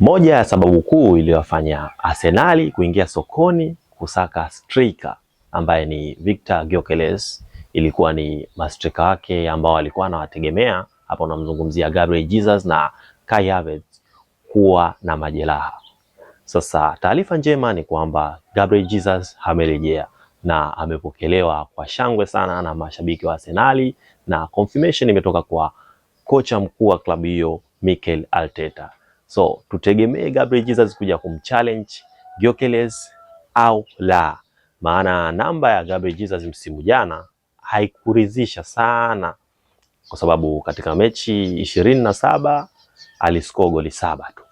Moja ya sababu kuu iliyowafanya Arsenali kuingia sokoni kusaka striker ambaye ni Victor Gyökeres ilikuwa ni mastrika wake ambao alikuwa anawategemea hapa, unamzungumzia Gabriel Jesus na Kai Havertz kuwa na majeraha. Sasa taarifa njema ni kwamba Gabriel Jesus amerejea na amepokelewa kwa shangwe sana na mashabiki wa Arsenali, na confirmation imetoka kwa kocha mkuu wa klabu hiyo Mikel Arteta. So tutegemee Gabriel Jesus kuja kumchallenge Gyökeres au la, maana namba ya Gabriel Jesus msimu jana haikuridhisha sana, kwa sababu katika mechi ishirini na saba aliskoa goli saba tu,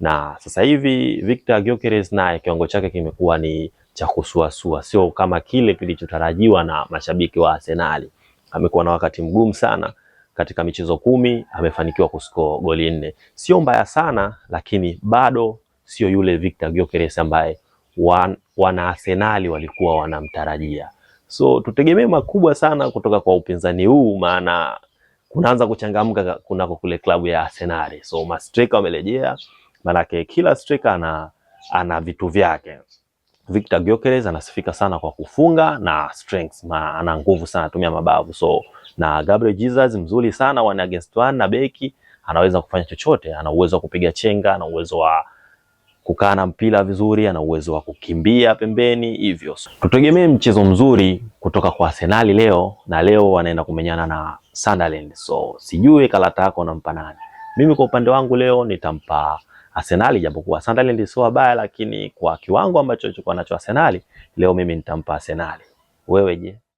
na sasa hivi Victor Gyökeres naye kiwango chake kimekuwa ni cha kusuasua, sio kama kile kilichotarajiwa na mashabiki wa Arsenali. Amekuwa na wakati mgumu sana katika michezo kumi amefanikiwa kuscore goli nne, sio mbaya sana, lakini bado sio yule Victor Gyokeres ambaye wan, wana Arsenali walikuwa wanamtarajia. So tutegemee makubwa sana kutoka kwa upinzani huu, maana kunaanza kuchangamka kunako kule klabu ya Arsenali. So mastreka wamerejea, maanake kila streka ana, ana vitu vyake. Victor Gyokeres anasifika sana kwa kufunga na strengths, ma, ana nguvu sana tumia mabavu so na Gabriel Jesus mzuri sana one against one na beki anaweza kufanya chochote, ana uwezo wa kupiga chenga, ana uwezo wa kukaa na mpira vizuri, ana uwezo wa kukimbia pembeni hivyo. Tutegemee mchezo mzuri kutoka kwa Arsenal leo, na leo wanaenda kumenyana na Sunderland. So sijui karata yako nampa nani? Mimi kwa upande wangu leo nitampa Arsenal, japokuwa Sunderland sio baya, lakini kwa kiwango ambacho chukua nacho Arsenal leo mimi nitampa Arsenal. Wewe je?